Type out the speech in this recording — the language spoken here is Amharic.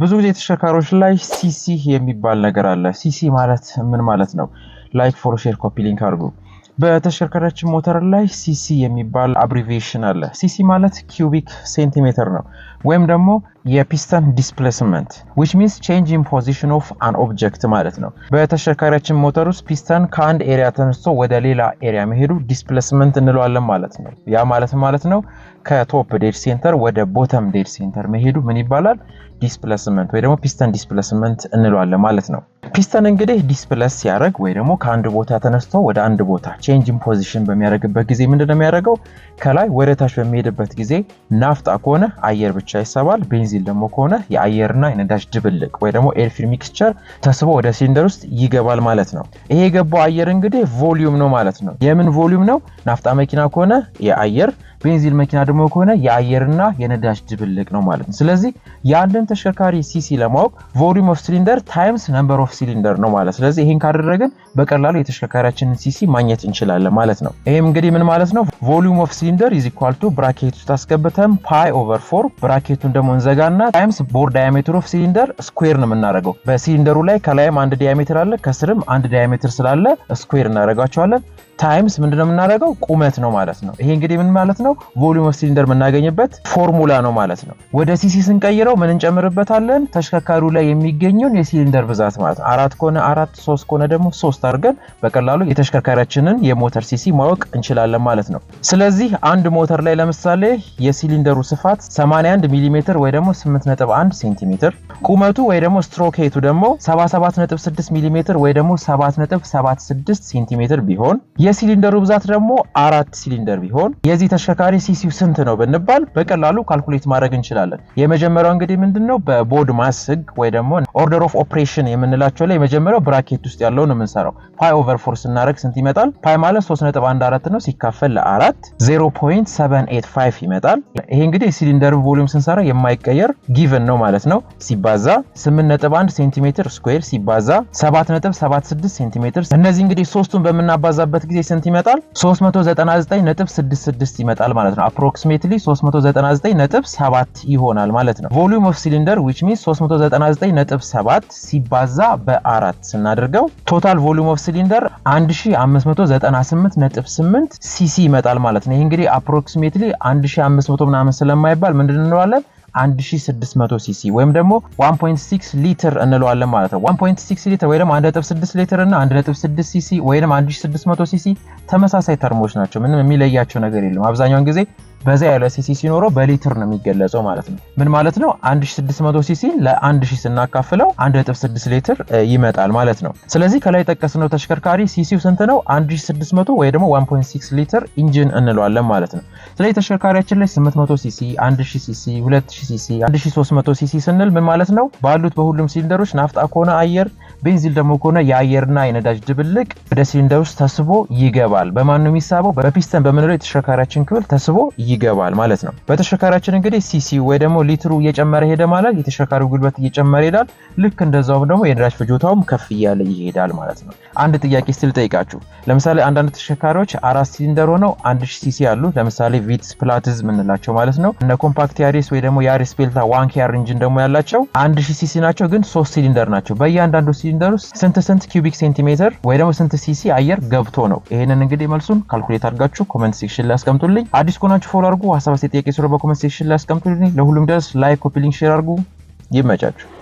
ብዙ ጊዜ ተሽከርካሪዎች ላይ ሲሲ የሚባል ነገር አለ። ሲሲ ማለት ምን ማለት ነው? ላይክ ፎር ሼር ኮፒ ሊንክ አድርጉ። በተሽከርካሪያችን ሞተር ላይ ሲሲ የሚባል አብሪቬሽን አለ። ሲሲ ማለት ኪዩቢክ ሴንቲሜትር ነው ወይም ደግሞ የፒስተን ዲስፕሌስመንት ዊች ሚንስ ቼንጅ ኢን ፖዚሽን ኦፍ አን ኦብጀክት ማለት ነው። በተሽከርካሪያችን ሞተር ውስጥ ፒስተን ከአንድ ኤሪያ ተነስቶ ወደ ሌላ ኤሪያ መሄዱ ዲስፕሌስመንት እንለዋለን ማለት ነው። ያ ማለት ማለት ነው ከቶፕ ዴድ ሴንተር ወደ ቦተም ዴድ ሴንተር መሄዱ ምን ይባላል? ዲስፕሌስመንት ወይ ደግሞ ፒስተን ዲስፕሌስመንት እንለዋለን ማለት ነው። ፒስተን እንግዲህ ዲስፕለስ ሲያደርግ ወይ ደግሞ ከአንድ ቦታ ተነስቶ ወደ አንድ ቦታ ቼንጅ ኢን ፖዚሽን በሚያደርግበት ጊዜ ምንድነው የሚያደርገው? ከላይ ወደ ታች በሚሄድበት ጊዜ ናፍጣ ከሆነ አየር ብቻ ይሰባል ቤንዚን ቤንዚን ደግሞ ከሆነ የአየርና የነዳጅ ድብልቅ ወይ ደግሞ ኤርፊል ሚክስቸር ተስቦ ወደ ሲሊንደር ውስጥ ይገባል ማለት ነው። ይሄ የገባው አየር እንግዲህ ቮሊዩም ነው ማለት ነው። የምን ቮሊዩም ነው? ናፍጣ መኪና ከሆነ የአየር ቤንዚል መኪና ደግሞ ከሆነ የአየርና የነዳጅ ድብልቅ ነው ማለት ነው። ስለዚህ የአንድን ተሽከርካሪ ሲሲ ለማወቅ ቮሊዩም ኦፍ ሲሊንደር ታይምስ ነምበር ኦፍ ሲሊንደር ነው ማለት። ስለዚህ ይህን ካደረግን በቀላሉ የተሽከርካሪያችንን ሲሲ ማግኘት እንችላለን ማለት ነው። ይህም እንግዲህ ምን ማለት ነው? ቮሊዩም ኦፍ ሲሊንደር ኢዝ ኢኳል ቱ ብራኬት ውስጥ አስገብተን ፓይ ኦቨር ፎር ብራኬቱን ደግሞ እንዘጋና ታይምስ ቦር ዳያሜትር ኦፍ ሲሊንደር ስኩዌር ነው የምናደርገው። በሲሊንደሩ ላይ ከላይም አንድ ዲያሜትር አለ፣ ከስርም አንድ ዲያሜትር ስላለ ስኩዌር እናደርጋቸዋለን። ታይምስ ምንድነው የምናደርገው? ቁመት ነው ማለት ነው። ይሄ እንግዲህ ምን ማለት ነው? ነው ቮሊዩም ኦፍ ሲሊንደር የምናገኝበት ፎርሙላ ነው ማለት ነው። ወደ ሲሲ ስንቀይረው ምን እንጨምርበታለን? ተሽከርካሪው ላይ የሚገኘውን የሲሊንደር ብዛት ማለት ነው። አራት ከሆነ አራት፣ ሶስት ከሆነ ደግሞ ሶስት አድርገን በቀላሉ የተሽከርካሪያችንን የሞተር ሲሲ ማወቅ እንችላለን ማለት ነው። ስለዚህ አንድ ሞተር ላይ ለምሳሌ የሲሊንደሩ ስፋት 81 ሚሜ ወይ ደግሞ 8.1 ሴንቲሜትር ቁመቱ ወይ ደግሞ ስትሮክ ሄቱ ደግሞ 77.6 ሚሜ ወይ ደግሞ 7.76 ሴንቲሜትር ቢሆን የሲሊንደሩ ብዛት ደግሞ አራት ሲሊንደር ቢሆን የዚህ ተሽከርካሪ ተሽከርካሪ ሲሲው ስንት ነው ብንባል በቀላሉ ካልኩሌት ማድረግ እንችላለን። የመጀመሪያው እንግዲህ ምንድን ነው በቦድ ማስ ህግ ወይ ደግሞ ኦርደር ኦፍ ኦፕሬሽን የምንላቸው ላይ የመጀመሪያው ብራኬት ውስጥ ያለው ነው የምንሰራው። ፓይ ኦቨር ፎር ስናደረግ ስንት ይመጣል? ፓይ ማለት 3.14 ነው ሲካፈል ለአራት 0.785 ይመጣል። ይሄ እንግዲህ የሲሊንደር ቮሊዩም ስንሰራ የማይቀየር ጊቨን ነው ማለት ነው። ሲባዛ 8.1 ሴንቲሜትር ስኩዌር ሲባዛ 7.76 ሴንቲሜትር እነዚህ እንግዲህ ሶስቱን በምናባዛበት ጊዜ ስንት ይመጣል? 399.66 ይመጣል ይሆናል ማለት ነው። አፕሮክሲሜትሊ 399.7 ይሆናል ማለት ነው። ቮሊዩም ኦፍ ሲሊንደር ዊች ሚንስ 399.7 ሲባዛ በአራት ስናደርገው ቶታል ቮሊዩም ኦፍ ሲሊንደር 1598.8 ሲሲ ይመጣል ማለት ነው። ይህ እንግዲህ አፕሮክሲሜትሊ 1500 ምናምን ስለማይባል ምንድን እንለዋለን 1600 ሲሲ ወይም ደግሞ 1.6 ሊትር እንለዋለን ማለት ነው። 1.6 ሊትር ወይ ደግሞ 1.6 ሊትር እና 1.6 ሲሲ ወይ ደግሞ 1600 ሲሲ ተመሳሳይ ተርሞች ናቸው። ምንም የሚለያቸው ነገር የለም። አብዛኛውን ጊዜ በዛ ያለ ሲሲ ሲኖረው በሊትር ነው የሚገለጸው ማለት ነው። ምን ማለት ነው? 1600 ሲሲ ለ1000 ስናካፍለው 1.6 ሊትር ይመጣል ማለት ነው። ስለዚህ ከላይ ጠቀስነው ተሽከርካሪ ሲሲው ስንት ነው? 1600 ወይ ደግሞ 1.6 ሊትር ኢንጂን እንለዋለን ማለት ነው። ስለዚህ ተሽከርካሪያችን ላይ 800 ሲሲ፣ 1000 ሲሲ፣ 2000 ሲሲ፣ 1300 ሲሲ ስንል ምን ማለት ነው? ባሉት በሁሉም ሲሊንደሮች ናፍጣ ከሆነ አየር፣ ቤንዚል ደግሞ ከሆነ የአየርና የነዳጅ ድብልቅ ወደ ሲሊንደር ውስጥ ተስቦ ይገባል። በማን ነው የሚሳበው? በፒስተን በምንለው የተሽከርካሪያችን ክፍል ተስቦ ይገባል ማለት ነው። በተሽከርካሪያችን እንግዲህ ሲሲ ወይ ደግሞ ሊትሩ እየጨመረ ሄደ ማለት የተሽከርካሪው ጉልበት እየጨመረ ይሄዳል። ልክ እንደዛውም ደግሞ የነዳጅ ፍጆታውም ከፍ እያለ ይሄዳል ማለት ነው። አንድ ጥያቄ ስል ጠይቃችሁ፣ ለምሳሌ አንዳንድ ተሽከርካሪዎች አራት ሲሊንደር ሆነው አንድ ሺ ሲሲ አሉ። ለምሳሌ ቪትስ ፕላትዝ ምንላቸው ማለት ነው። እነ ኮምፓክት ያሪስ ወይ ደግሞ ያሪስ ቤልታ ዋንኪ ኪያር ደግሞ ያላቸው አንድ ሺ ሲሲ ናቸው፣ ግን ሶስት ሲሊንደር ናቸው። በእያንዳንዱ ሲሊንደር ውስጥ ስንት ስንት ኪዩቢክ ሴንቲሜትር ወይ ደግሞ ስንት ሲሲ አየር ገብቶ ነው? ይህንን እንግዲህ መልሱን ካልኩሌት አድርጋችሁ ኮመንት ሴክሽን ላይ አስቀምጡልኝ። አዲስ ከሆናችሁ ፎሎ አድርጉ። ሀሳብ አስተያየት፣ ጥያቄ ስለ በኮመንት ሴክሽን ላይ አስቀምጡልኝ። ለሁሉም ድረስ ላይክ፣ ኮፒ ሊንክ፣ ሼር አድርጉ። ይመቻችሁ።